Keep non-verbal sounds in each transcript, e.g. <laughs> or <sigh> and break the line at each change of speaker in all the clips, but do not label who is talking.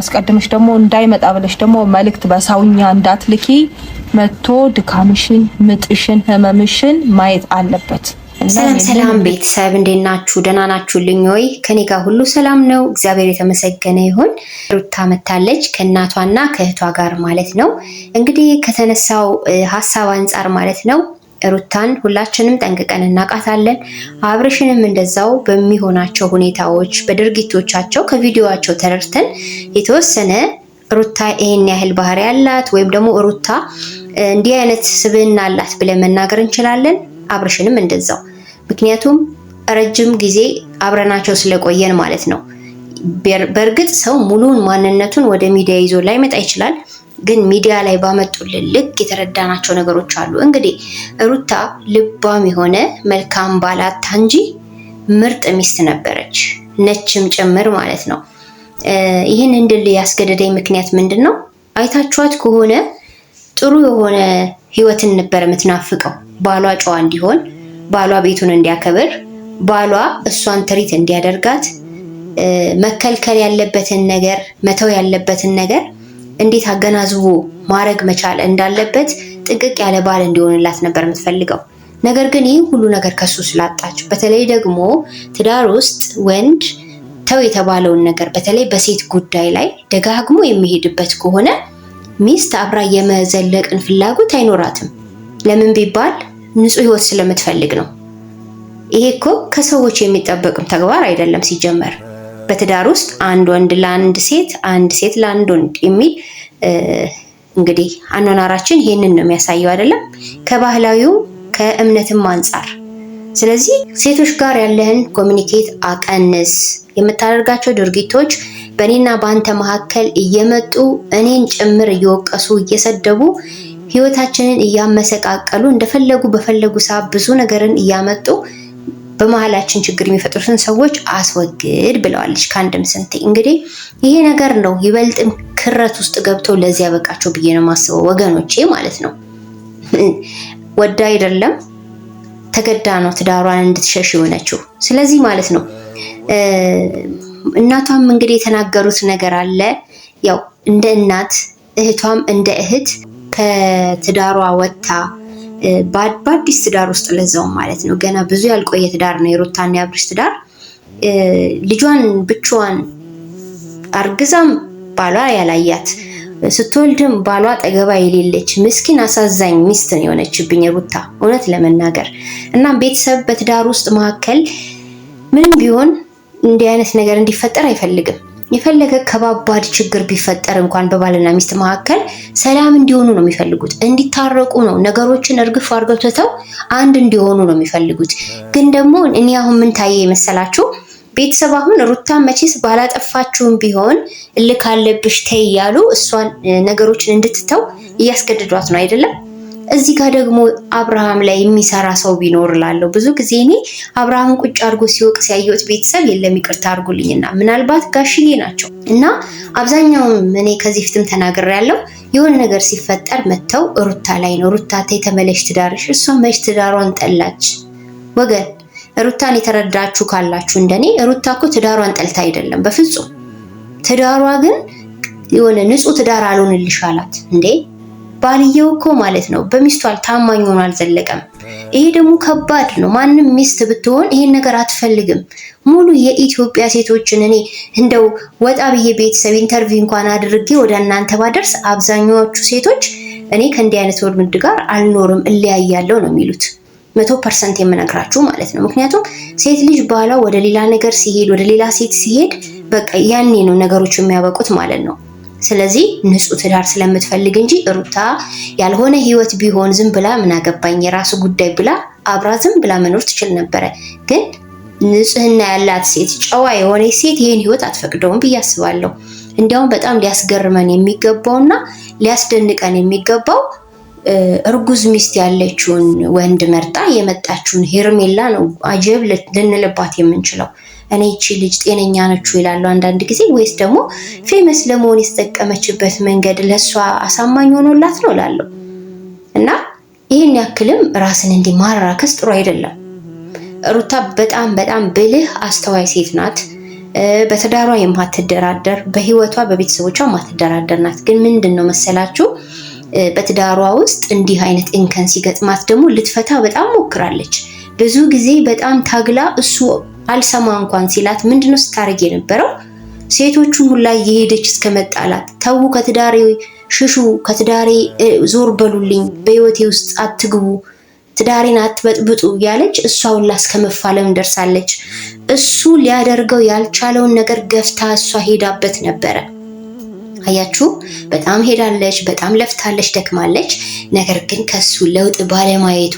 አስቀድመሽ ደግሞ እንዳይመጣ ብለሽ ደግሞ መልእክት በሳውኛ እንዳትልኪ መጥቶ ድካምሽን፣ ምጥሽን፣ ህመምሽን ማየት አለበት።
ሰላም ሰላም ቤተሰብ እንዴት ናችሁ? ደህና ናችሁልኝ ወይ? ከኔ ጋር ሁሉ ሰላም ነው፣ እግዚአብሔር የተመሰገነ ይሁን። ሩታ መታለች ከእናቷና ከእህቷ ጋር ማለት ነው። እንግዲህ ከተነሳው ሀሳብ አንጻር ማለት ነው ሩታን ሁላችንም ጠንቅቀን እናውቃታለን። አብርሽንም እንደዛው በሚሆናቸው ሁኔታዎች፣ በድርጊቶቻቸው ከቪዲዮዋቸው ተረድተን የተወሰነ ሩታ ይሄን ያህል ባህሪ ያላት ወይም ደግሞ ሩታ እንዲህ አይነት ስብዕና አላት ብለን መናገር እንችላለን። አብርሽንም እንደዛው ምክንያቱም ረጅም ጊዜ አብረናቸው ስለቆየን ማለት ነው። በእርግጥ ሰው ሙሉውን ማንነቱን ወደ ሚዲያ ይዞ ላይመጣ ይችላል። ግን ሚዲያ ላይ ባመጡልን ልክ የተረዳናቸው ነገሮች አሉ። እንግዲህ ሩታ ልባም የሆነ መልካም ባላታ እንጂ ምርጥ ሚስት ነበረች ነችም ጭምር ማለት ነው። ይህን እንድል ያስገደደኝ ምክንያት ምንድን ነው? አይታችኋት ከሆነ ጥሩ የሆነ ህይወትን ነበር የምትናፍቀው። ባሏ ጨዋ እንዲሆን፣ ባሏ ቤቱን እንዲያከብር፣ ባሏ እሷን ትሪት እንዲያደርጋት፣ መከልከል ያለበትን ነገር መተው ያለበትን ነገር እንዴት አገናዝቦ ማድረግ መቻል እንዳለበት ጥንቅቅ ያለ ባል እንዲሆንላት ነበር የምትፈልገው። ነገር ግን ይህ ሁሉ ነገር ከሱ ስላጣች፣ በተለይ ደግሞ ትዳር ውስጥ ወንድ ተው የተባለውን ነገር በተለይ በሴት ጉዳይ ላይ ደጋግሞ የሚሄድበት ከሆነ ሚስት አብራ የመዘለቅን ፍላጎት አይኖራትም። ለምን ቢባል ንጹህ ህይወት ስለምትፈልግ ነው። ይሄ እኮ ከሰዎች የሚጠበቅም ተግባር አይደለም ሲጀመር። በትዳር ውስጥ አንድ ወንድ ለአንድ ሴት፣ አንድ ሴት ለአንድ ወንድ የሚል እንግዲህ አኗኗራችን ይህንን ነው የሚያሳየው አይደለም ከባህላዊው ከእምነትም አንጻር። ስለዚህ ሴቶች ጋር ያለህን ኮሚኒኬት አቀንስ። የምታደርጋቸው ድርጊቶች በእኔና በአንተ መካከል እየመጡ እኔን ጭምር እየወቀሱ እየሰደቡ ህይወታችንን እያመሰቃቀሉ እንደፈለጉ በፈለጉ ሰዓት ብዙ ነገርን እያመጡ በመሀላችን ችግር የሚፈጥሩትን ሰዎች አስወግድ ብለዋለች። ከአንድም ስንት እንግዲህ ይሄ ነገር ነው ይበልጥም ክረት ውስጥ ገብተው ለዚህ ያበቃቸው ብዬ ነው የማስበው ወገኖቼ ማለት ነው። ወዳ አይደለም ተገዳ ነው ትዳሯን እንድትሸሽ የሆነችው። ስለዚህ ማለት ነው እናቷም እንግዲህ የተናገሩት ነገር አለ ያው እንደ እናት እህቷም እንደ እህት ከትዳሯ ወጥታ በአዲስ ትዳር ውስጥ ለዛውም ማለት ነው ገና ብዙ ያልቆየ ትዳር ነው የሩታና የአብርሽ ትዳር። ልጇን ብቻዋን አርግዛም ባሏ ያላያት ስትወልድም ባሏ ጠገባ የሌለች ምስኪን አሳዛኝ ሚስት ነው የሆነችብኝ ሩታ እውነት ለመናገር እና ቤተሰብ በትዳር ውስጥ መካከል ምንም ቢሆን እንዲህ አይነት ነገር እንዲፈጠር አይፈልግም። የፈለገ ከባባድ ችግር ቢፈጠር እንኳን በባልና ሚስት መካከል ሰላም እንዲሆኑ ነው የሚፈልጉት፣ እንዲታረቁ ነው። ነገሮችን እርግፍ አድርገው ትተው አንድ እንዲሆኑ ነው የሚፈልጉት። ግን ደግሞ እኔ አሁን ምን ታየ የመሰላችሁ ቤተሰብ አሁን ሩታ መቼስ ባላጠፋችሁም ቢሆን እልክ አለብሽ ተይ እያሉ እሷን ነገሮችን እንድትተው እያስገድዷት ነው አይደለም። እዚህ ጋር ደግሞ አብርሃም ላይ የሚሰራ ሰው ቢኖር ላለው ብዙ ጊዜ እኔ አብርሃም ቁጭ አድርጎ ሲወቅ ያየሁት ቤተሰብ የለም ይቅርታ አድርጉልኝና ምናልባት ጋሽዬ ናቸው እና አብዛኛውም እኔ ከዚህ ፊትም ያለው የሆነ ነገር ሲፈጠር መጥተው ሩታ ላይ ነው ሩታ ተይ ተመለሽ ትዳርሽ። እሷ መች ትዳሯን ጠላች ወገን ሩታን የተረዳችሁ ካላችሁ እንደኔ ሩታ እኮ ትዳሯን ጠልታ አይደለም፣ በፍጹም ትዳሯ ግን የሆነ ንጹህ ትዳር አልሆንልሽ አላት እንዴ ባልየው እኮ ማለት ነው በሚስቱ ታማኝ ሆኖ አልዘለቀም። ይሄ ደግሞ ከባድ ነው። ማንም ሚስት ብትሆን ይሄን ነገር አትፈልግም። ሙሉ የኢትዮጵያ ሴቶችን እኔ እንደው ወጣ ብዬ ቤተሰብ ኢንተርቪው እንኳን አድርጌ ወደ እናንተ ባደርስ አብዛኛዎቹ ሴቶች እኔ ከእንዲህ አይነት ወንድ ጋር አልኖርም እለያያለው ነው የሚሉት መቶ ፐርሰንት የምነግራችሁ ማለት ነው። ምክንያቱም ሴት ልጅ ባሏ ወደ ሌላ ነገር ሲሄድ፣ ወደ ሌላ ሴት ሲሄድ በቃ ያኔ ነው ነገሮች የሚያበቁት ማለት ነው። ስለዚህ ንጹህ ትዳር ስለምትፈልግ እንጂ ሩታ ያልሆነ ህይወት ቢሆን ዝም ብላ ምን አገባኝ የራሱ ጉዳይ ብላ አብራ ዝም ብላ መኖር ትችል ነበረ። ግን ንጽህና ያላት ሴት፣ ጨዋ የሆነ ሴት ይህን ህይወት አትፈቅደውም ብዬ አስባለሁ። እንዲያውም በጣም ሊያስገርመን የሚገባውና ሊያስደንቀን የሚገባው እርጉዝ ሚስት ያለችውን ወንድ መርጣ የመጣችውን ሄርሜላ ነው አጀብ ልንልባት የምንችለው። እኔ ይቺ ልጅ ጤነኛ ነች ይላሉ አንዳንድ ጊዜ፣ ወይስ ደግሞ ፌመስ ለመሆን የተጠቀመችበት መንገድ ለእሷ አሳማኝ ሆኖላት ነው ላለው። እና ይህን ያክልም ራስን እንዲህ ማራከስ ጥሩ አይደለም። ሩታ በጣም በጣም ብልህ አስተዋይ ሴት ናት። በትዳሯ የማትደራደር በህይወቷ በቤተሰቦቿ የማትደራደር ናት። ግን ምንድን ነው መሰላችሁ በትዳሯ ውስጥ እንዲህ አይነት እንከን ሲገጥማት ደግሞ ልትፈታ በጣም ሞክራለች። ብዙ ጊዜ በጣም ታግላ እሱ አልሰማ እንኳን ሲላት ምንድነው ስታደርግ የነበረው? ሴቶቹን ሁላ እየሄደች እስከ መጣላት ተዉ፣ ከትዳሬ ሽሹ፣ ከትዳሬ ዞር በሉልኝ፣ በህይወቴ ውስጥ አትግቡ፣ ትዳሬን አትበጥብጡ እያለች እሷ ሁላ እስከ መፋለም ደርሳለች። እሱ ሊያደርገው ያልቻለውን ነገር ገፍታ እሷ ሄዳበት ነበረ። አያችሁ፣ በጣም ሄዳለች፣ በጣም ለፍታለች፣ ደክማለች። ነገር ግን ከሱ ለውጥ ባለማየቷ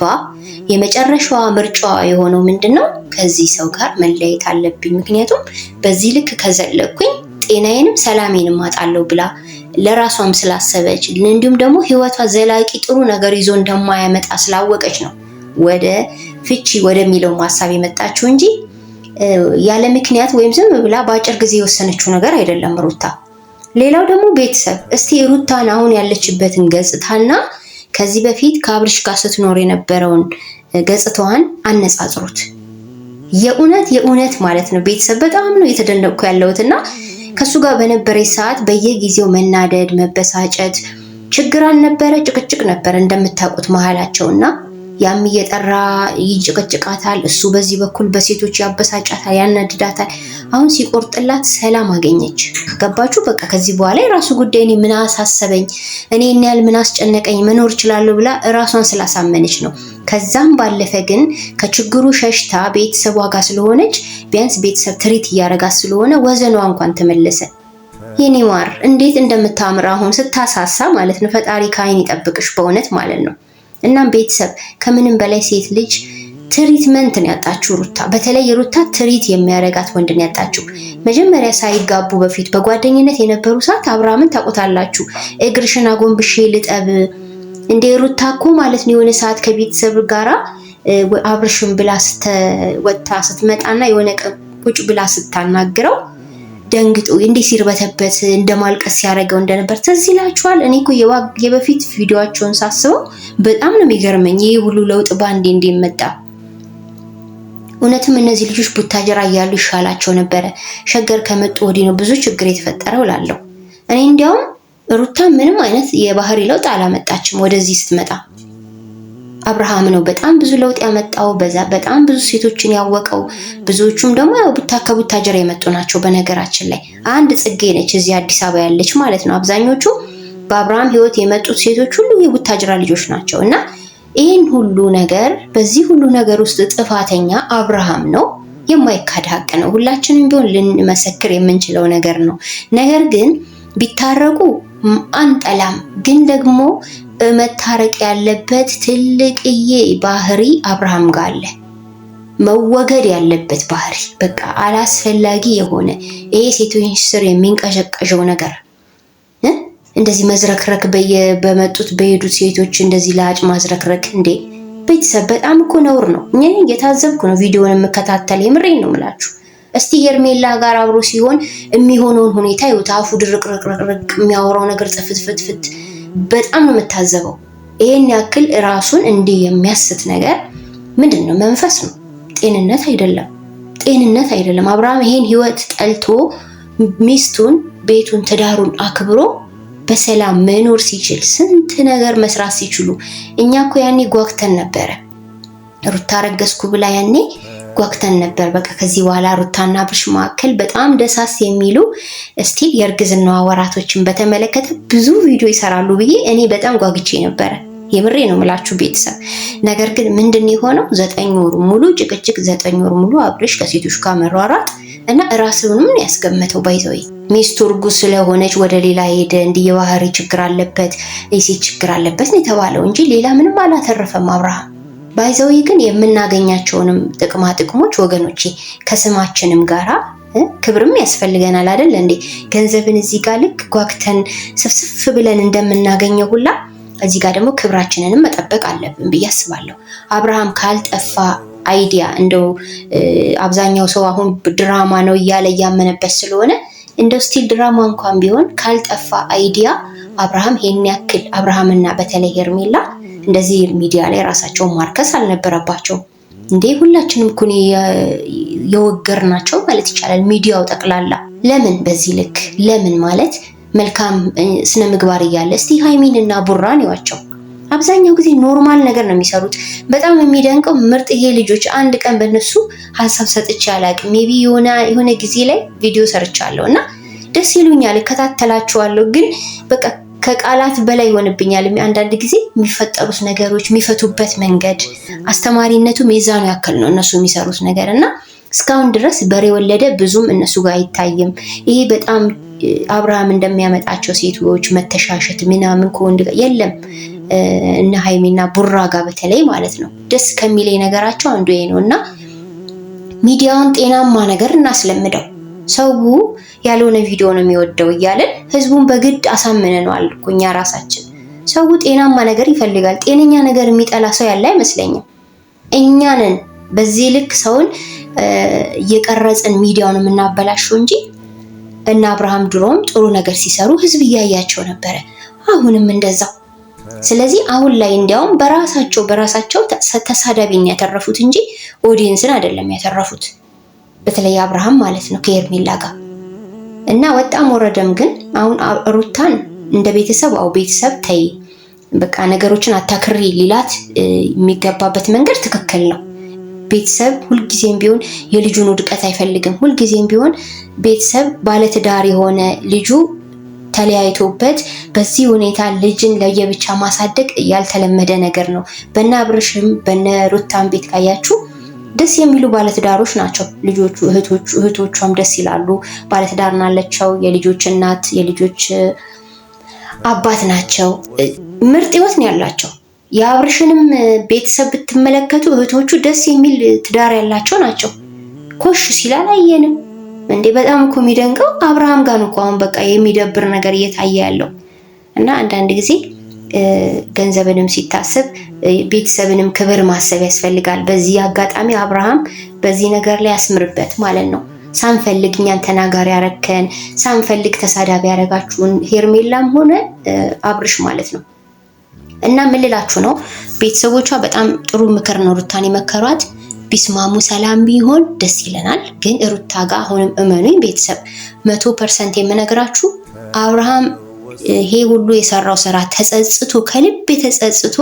የመጨረሻዋ ምርጫዋ የሆነው ምንድነው? ከዚህ ሰው ጋር መለየት አለብኝ፣ ምክንያቱም በዚህ ልክ ከዘለኩኝ ጤናዬንም ሰላሜንም አጣለሁ ብላ ለራሷም ስላሰበች እንዲሁም ደግሞ ህይወቷ ዘላቂ ጥሩ ነገር ይዞ እንደማያመጣ ስላወቀች ነው ወደ ፍቺ ወደሚለው ሀሳብ የመጣችው እንጂ ያለ ምክንያት ወይም ዝም ብላ በአጭር ጊዜ የወሰነችው ነገር አይደለም ሩታ። ሌላው ደግሞ ቤተሰብ እስቲ ሩታን አሁን ያለችበትን ገጽታና ከዚህ በፊት ከአብርሽ ጋር ስትኖር የነበረውን ገጽታዋን አነጻጽሩት። የእውነት የእውነት ማለት ነው ቤተሰብ በጣም ነው የተደነቅኩ ያለሁት እና ከእሱ ጋር በነበረች ሰዓት በየጊዜው መናደድ፣ መበሳጨት፣ ችግር አልነበረ፣ ጭቅጭቅ ነበረ እንደምታውቁት መሀላቸው እና ያም እየጠራ ይጭቀጭቃታል። እሱ በዚህ በኩል በሴቶች ያበሳጫታል፣ ያናድዳታል። አሁን ሲቆርጥላት ሰላም አገኘች። ገባችሁ? በቃ ከዚህ በኋላ የራሱ ጉዳይ እኔ ምን አሳሰበኝ፣ እኔ እና ያህል ምን አስጨነቀኝ፣ መኖር እችላለሁ ብላ ራሷን ስላሳመነች ነው። ከዛም ባለፈ ግን ከችግሩ ሸሽታ ቤተሰብ ዋጋ ስለሆነች ቢያንስ ቤተሰብ ትሪት እያደረጋት ስለሆነ ወዘኗ እንኳን ተመለሰ። የኔ ማር እንዴት እንደምታምር አሁን ስታሳሳ ማለት ነው። ፈጣሪ ከአይን ይጠብቅሽ በእውነት ማለት ነው። እናም ቤተሰብ ከምንም በላይ ሴት ልጅ ትሪትመንት ነው ያጣችው። ሩታ በተለይ ሩታ ትሪት የሚያረጋት ወንድን ያጣችው። መጀመሪያ ሳይጋቡ በፊት በጓደኝነት የነበሩ ሰዓት አብርሃምን ታቆታላችሁ። እግርሽን አጎንብሼ ልጠብ እንደ ሩታ እኮ ማለት ነው የሆነ ሰዓት ከቤተሰብ ጋራ አብርሽን ብላ ስትወጣ ስትመጣና የሆነ ቁጭ ብላ ስታናግረው ደንግጦ እንዴት ሲርበተበት እንደማልቀስ ሲያደርገው እንደነበር ትዝ ይላችኋል። እኔ እኮ የበፊት ቪዲዮቸውን ሳስበው በጣም ነው የሚገርመኝ ይህ ሁሉ ለውጥ ባንዴ እንዲመጣ እውነትም እነዚህ ልጆች ቡታጀራ እያሉ ይሻላቸው ነበረ። ሸገር ከመጡ ወዲህ ነው ብዙ ችግር የተፈጠረው እላለሁ እኔ። እንዲያውም ሩታ ምንም አይነት የባህሪ ለውጥ አላመጣችም ወደዚህ ስትመጣ አብርሃም ነው በጣም ብዙ ለውጥ ያመጣው፣ በዛ በጣም ብዙ ሴቶችን ያወቀው። ብዙዎቹም ደግሞ ያው ከቡታጀራ የመጡ ናቸው። በነገራችን ላይ አንድ ጽጌ ነች እዚህ አዲስ አበባ ያለች ማለት ነው። አብዛኞቹ በአብርሃም ህይወት የመጡት ሴቶች ሁሉ የቡታጀራ ልጆች ናቸው እና ይህን ሁሉ ነገር በዚህ ሁሉ ነገር ውስጥ ጥፋተኛ አብርሃም ነው። የማይካድ ሀቅ ነው። ሁላችንም ቢሆን ልንመሰክር የምንችለው ነገር ነው። ነገር ግን ቢታረቁ አንጠላም፣ ግን ደግሞ መታረቅ ያለበት ትልቅዬ ባህሪ አብርሃም ጋር አለ። መወገድ ያለበት ባህሪ በቃ አላስፈላጊ የሆነ ይሄ ሴቶች ስር የሚንቀሸቀሸው ነገር እንደዚህ መዝረክረክ፣ በመጡት በሄዱት ሴቶች እንደዚህ ለአጭ ማዝረክረክ እንዴ! ቤተሰብ በጣም እኮ ነውር ነው። እኛ እየታዘብኩ ነው ቪዲዮን የምከታተል የምሬን ነው ምላችሁ እስቲ ሄርሜላ ጋር አብሮ ሲሆን የሚሆነውን ሁኔታ ይወታ አፉ ድርቅርቅርቅ የሚያወራው ነገር ጥፍትፍትፍት በጣም ነው የምታዘበው። ይሄን ያክል ራሱን እንዲህ የሚያስት ነገር ምንድን ነው? መንፈስ ነው፣ ጤንነት አይደለም። ጤንነት አይደለም። አብርሃም ይሄን ህይወት ጠልቶ ሚስቱን፣ ቤቱን፣ ትዳሩን አክብሮ በሰላም መኖር ሲችል ስንት ነገር መስራት ሲችሉ እኛ እኮ ያኔ ጓግተን ነበረ ሩታ ረገዝኩ ብላ ያኔ ጓግተን ነበር። በቃ ከዚህ በኋላ ሩታና አብርሽ መካከል በጣም ደሳስ የሚሉ እስቲ የእርግዝና ወራቶችን በተመለከተ ብዙ ቪዲዮ ይሰራሉ ብዬ እኔ በጣም ጓግቼ ነበረ። የምሬ ነው ምላችሁ ቤተሰብ። ነገር ግን ምንድን የሆነው ዘጠኝ ወር ሙሉ ጭቅጭቅ፣ ዘጠኝ ወር ሙሉ አብርሽ ከሴቶች ጋር መሯሯጥ እና እራስንም ያስገመተው ባይዘወይ ሚስቱ እርጉዝ ስለሆነች ወደ ሌላ ሄደ። እንዲህ የባህሪ ችግር አለበት፣ የሴት ችግር አለበት ነው የተባለው እንጂ ሌላ ምንም አላተረፈም አብርሃም ባይዘዊ ግን የምናገኛቸውንም ጥቅማ ጥቅሞች ወገኖቼ ከስማችንም ጋራ ክብርም ያስፈልገናል አደለ እንዴ? ገንዘብን እዚህ ጋር ልክ ጓግተን ስፍስፍ ብለን እንደምናገኘው ሁላ እዚህ ጋር ደግሞ ክብራችንንም መጠበቅ አለብን ብዬ አስባለሁ። አብርሃም ካልጠፋ አይዲያ እንደው አብዛኛው ሰው አሁን ድራማ ነው እያለ እያመነበት ስለሆነ እንደው ስቲል ድራማ እንኳን ቢሆን ካልጠፋ አይዲያ አብርሃም ይሄን ያክል አብርሃምና በተለይ ሄርሜላ እንደዚህ ሚዲያ ላይ ራሳቸውን ማርከስ አልነበረባቸው። እንዴ ሁላችንም ኩን የወገር ናቸው ማለት ይቻላል። ሚዲያው ጠቅላላ ለምን በዚህ ልክ ለምን ማለት መልካም ስነ ምግባር እያለ እስቲ ሃይሚን እና ቡራን ይዋቸው። አብዛኛው ጊዜ ኖርማል ነገር ነው የሚሰሩት። በጣም የሚደንቀው ምርጥ ይሄ ልጆች አንድ ቀን በእነሱ ሀሳብ ሰጥቼ አላውቅም። ሜቢ የሆነ ጊዜ ላይ ቪዲዮ ሰርቻለሁ እና ደስ ይሉኛል፣ እከታተላችኋለሁ ግን በቃ ከቃላት በላይ ይሆንብኛል። አንዳንድ ጊዜ የሚፈጠሩት ነገሮች የሚፈቱበት መንገድ አስተማሪነቱ የዛኑ ያክል ነው እነሱ የሚሰሩት ነገር እና እስካሁን ድረስ በሬ ወለደ ብዙም እነሱ ጋር አይታይም። ይሄ በጣም አብርሃም እንደሚያመጣቸው ሴቶች መተሻሸት ምናምን ከወንድ ጋር የለም። እነ ሀይሜና ቡራ ጋር በተለይ ማለት ነው ደስ ከሚለኝ ነገራቸው አንዱ ይሄ ነው እና ሚዲያውን ጤናማ ነገር እናስለምደው። ሰው ያልሆነ ቪዲዮ ነው የሚወደው እያልን ህዝቡን በግድ አሳምነነዋል እኮ እኛ ራሳችን። ሰው ጤናማ ነገር ይፈልጋል። ጤነኛ ነገር የሚጠላ ሰው ያለ አይመስለኝም። እኛ ነን በዚህ ልክ ሰውን እየቀረጽን ሚዲያውን የምናበላሸው እንጂ እና አብርሃም ድሮም ጥሩ ነገር ሲሰሩ ህዝብ እያያቸው ነበረ፣ አሁንም እንደዛው። ስለዚህ አሁን ላይ እንዲያውም በራሳቸው በራሳቸው ተሳዳቢን ያተረፉት እንጂ ኦዲየንስን አይደለም ያተረፉት። በተለይ አብርሃም ማለት ነው ከኤርሜላ ጋር እና ወጣም ወረደም ግን አሁን ሩታን እንደ ቤተሰብ አው ቤተሰብ ተይ በቃ ነገሮችን አታክሪ ሊላት የሚገባበት መንገድ ትክክል ነው። ቤተሰብ ሁልጊዜም ቢሆን የልጁን ውድቀት አይፈልግም። ሁልጊዜም ቢሆን ቤተሰብ ባለትዳር የሆነ ልጁ ተለያይቶበት በዚህ ሁኔታ ልጅን ለየብቻ ማሳደግ ያልተለመደ ነገር ነው። በነ አብርሽም በነ ሩታን ቤት ካያችሁ ደስ የሚሉ ባለትዳሮች ናቸው። ልጆቹ እህቶቿም ደስ ይላሉ። ባለትዳር ናለቸው። የልጆች እናት የልጆች አባት ናቸው። ምርጥ ህይወት ነው ያላቸው። የአብርሽንም ቤተሰብ ብትመለከቱ እህቶቹ ደስ የሚል ትዳር ያላቸው ናቸው። ኮሽ ሲል አላየንም እንዴ! በጣም እኮ የሚደንቀው አብርሃም ጋር ነው እኮ አሁን በቃ የሚደብር ነገር እየታየ ያለው እና አንዳንድ ጊዜ ገንዘብንም ሲታሰብ ቤተሰብንም ክብር ማሰብ ያስፈልጋል። በዚህ አጋጣሚ አብርሃም በዚህ ነገር ላይ ያስምርበት ማለት ነው። ሳንፈልግ እኛን ተናጋሪ ያረከን፣ ሳንፈልግ ተሳዳቢ ያረጋችሁን ሄርሜላም ሆነ አብርሽ ማለት ነው። እና ምን ልላችሁ ነው ቤተሰቦቿ በጣም ጥሩ ምክር ነው ሩታን የመከሯት። ቢስማሙ ሰላም ቢሆን ደስ ይለናል። ግን ሩታ ጋር አሁንም እመኑኝ ቤተሰብ መቶ ፐርሰንት የምነግራችሁ አብርሃም ይሄ ሁሉ የሰራው ስራ ተጸጽቶ ከልብ ተጸጽቶ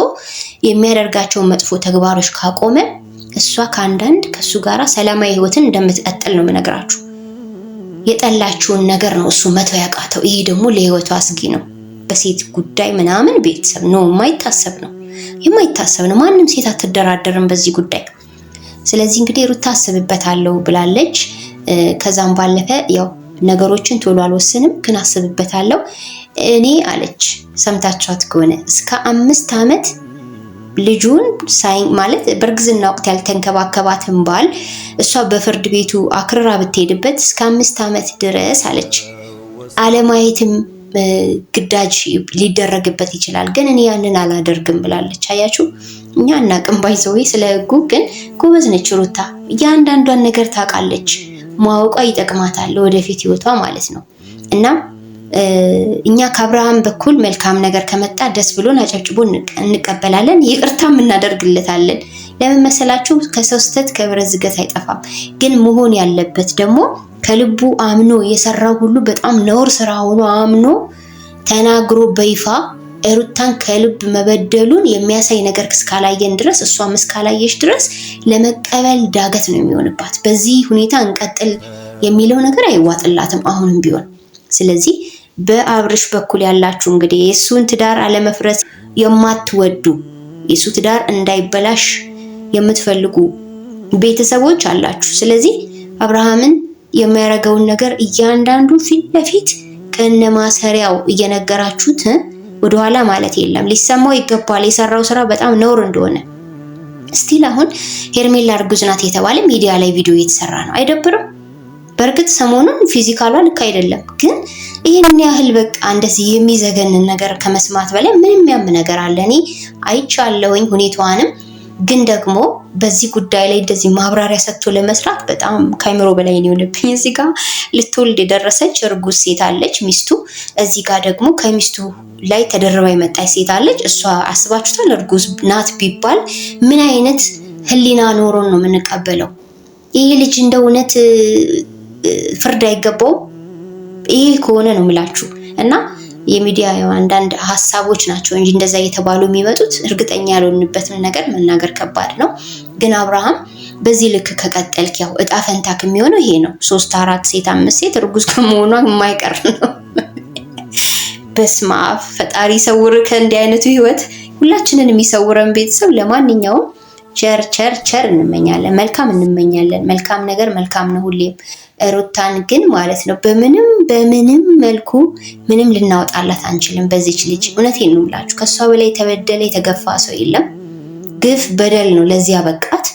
የሚያደርጋቸው መጥፎ ተግባሮች ካቆመ እሷ ከአንዳንድ ከሱ ጋራ ሰላማዊ ህይወትን እንደምትቀጥል ነው የምነግራችሁ። የጠላችውን ነገር ነው እሱ መተው ያቃተው። ይሄ ደግሞ ለህይወቱ አስጊ ነው። በሴት ጉዳይ ምናምን ቤተሰብ ነው የማይታሰብ ነው የማይታሰብ ነው። ማንም ሴት አትደራደርም በዚህ ጉዳይ። ስለዚህ እንግዲህ ሩታ አስብበታለሁ ብላለች። ከዛም ባለፈ ያው ነገሮችን ቶሎ አልወስንም፣ ግን አስብበታለሁ። እኔ አለች ሰምታችኋት ከሆነ እስከ አምስት ዓመት ልጁን ሳይ ማለት በእርግዝና ወቅት ያልተንከባከባትን ባል እሷ በፍርድ ቤቱ አክርራ ብትሄድበት እስከ አምስት ዓመት ድረስ አለች አለማየትም ግዳጅ ሊደረግበት ይችላል። ግን እኔ ያንን አላደርግም ብላለች። አያችሁ እኛ እናቅም ባይዘው ስለ ሕጉ ግን ጎበዝ ነች ሩታ። እያንዳንዷን ነገር ታውቃለች። ማወቋ ይጠቅማታል ወደፊት ህይወቷ ማለት ነው። እና እኛ ከአብርሃም በኩል መልካም ነገር ከመጣ ደስ ብሎን አጨብጭቦ እንቀበላለን፣ ይቅርታም እናደርግለታለን። ለምን መሰላችሁ? ከሰው ስህተት ከብረት ዝገት አይጠፋም። ግን መሆን ያለበት ደግሞ ከልቡ አምኖ የሰራው ሁሉ በጣም ነውር ስራ ሆኖ አምኖ ተናግሮ በይፋ ሩታን ከልብ መበደሉን የሚያሳይ ነገር እስካላየን ድረስ እሷም እስካላየች ድረስ ለመቀበል ዳገት ነው የሚሆንባት። በዚህ ሁኔታ እንቀጥል የሚለው ነገር አይዋጥላትም አሁንም ቢሆን። ስለዚህ በአብርሽ በኩል ያላችሁ እንግዲህ የእሱን ትዳር አለመፍረስ የማትወዱ የእሱ ትዳር እንዳይበላሽ የምትፈልጉ ቤተሰቦች አላችሁ። ስለዚህ አብርሃምን የሚያደርገውን ነገር እያንዳንዱ ፊት ለፊት ከነማሰሪያው እየነገራችሁት ወደኋላ ማለት የለም። ሊሰማው ይገባል የሰራው ስራ በጣም ነውር እንደሆነ። እስቲል አሁን ሄርሜላ እርጉዝ ናት የተባለ ሚዲያ ላይ ቪዲዮ እየተሰራ ነው። አይደብርም? በእርግጥ ሰሞኑን ፊዚካሏ ልክ አይደለም፣ ግን ይህን ያህል በቃ እንደዚህ የሚዘገንን ነገር ከመስማት በላይ ምንም ያም ነገር አለ? እኔ አይቻለሁኝ ሁኔታዋንም ግን ደግሞ በዚህ ጉዳይ ላይ እንደዚህ ማብራሪያ ሰጥቶ ለመስራት በጣም ከአይምሮ በላይ ነው የሆነብኝ። እዚህ ጋ ልትወልድ የደረሰች እርጉዝ ሴት አለች ሚስቱ። እዚህ ጋ ደግሞ ከሚስቱ ላይ ተደርባ የመጣች ሴት አለች። እሷ አስባችሁታል? እርጉዝ ናት ቢባል ምን አይነት ህሊና ኖሮን ነው የምንቀበለው? ይሄ ልጅ እንደ እውነት ፍርድ አይገባውም? ይሄ ከሆነ ነው ምላችሁ እና የሚዲያ አንዳንድ ሀሳቦች ናቸው እንጂ እንደዛ እየተባሉ የሚመጡት እርግጠኛ ያልሆንበትን ነገር መናገር ከባድ ነው። ግን አብርሃም በዚህ ልክ ከቀጠልክ ያው እጣ ፈንታክ የሚሆነው ይሄ ነው። ሶስት አራት ሴት አምስት ሴት እርጉዝ ከመሆኗ የማይቀር ነው። <laughs> በስመ አብ ፈጣሪ ሰውር ከእንዲህ አይነቱ ህይወት ሁላችንን የሚሰውረን ቤተሰብ። ለማንኛውም ቸር ቸር ቸር እንመኛለን፣ መልካም እንመኛለን። መልካም ነገር መልካም ነው ሁሌም። ሩታን ግን ማለት ነው በምንም በምንም መልኩ ምንም ልናወጣላት አንችልም በዚች ልጅ። እውነቴን ነው የምላችሁ፣ ከእሷ በላይ የተበደለ የተገፋ ሰው የለም። ግፍ በደል ነው ለዚህ ያበቃት።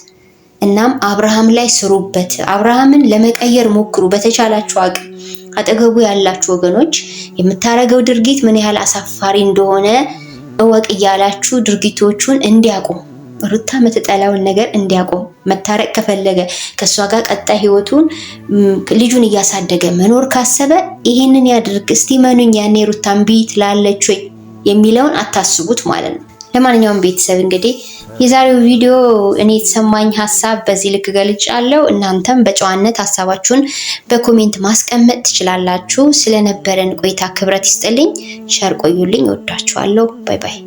እናም አብርሃም ላይ ስሩበት፣ አብርሃምን ለመቀየር ሞክሩ በተቻላችሁ አቅም። አጠገቡ ያላችሁ ወገኖች የምታደርገው ድርጊት ምን ያህል አሳፋሪ እንደሆነ እወቅ እያላችሁ ድርጊቶቹን እንዲያቁም ሩታ የምትጠላውን ነገር እንዲያቆም መታረቅ ከፈለገ ከእሷ ጋር ቀጣይ ህይወቱን ልጁን እያሳደገ መኖር ካሰበ ይህንን ያድርግ። እስቲ መኑኝ ያኔ ሩታን እምቢ ትላለች ወይ የሚለውን አታስቡት ማለት ነው። ለማንኛውም ቤተሰብ እንግዲህ የዛሬው ቪዲዮ እኔ የተሰማኝ ሀሳብ በዚህ ልክ ገልጫለሁ። እናንተም በጨዋነት ሀሳባችሁን በኮሜንት ማስቀመጥ ትችላላችሁ። ስለነበረን ቆይታ ክብረት ይስጥልኝ። ሸር ቆዩልኝ። ወዳችኋለሁ። ባይ ባይ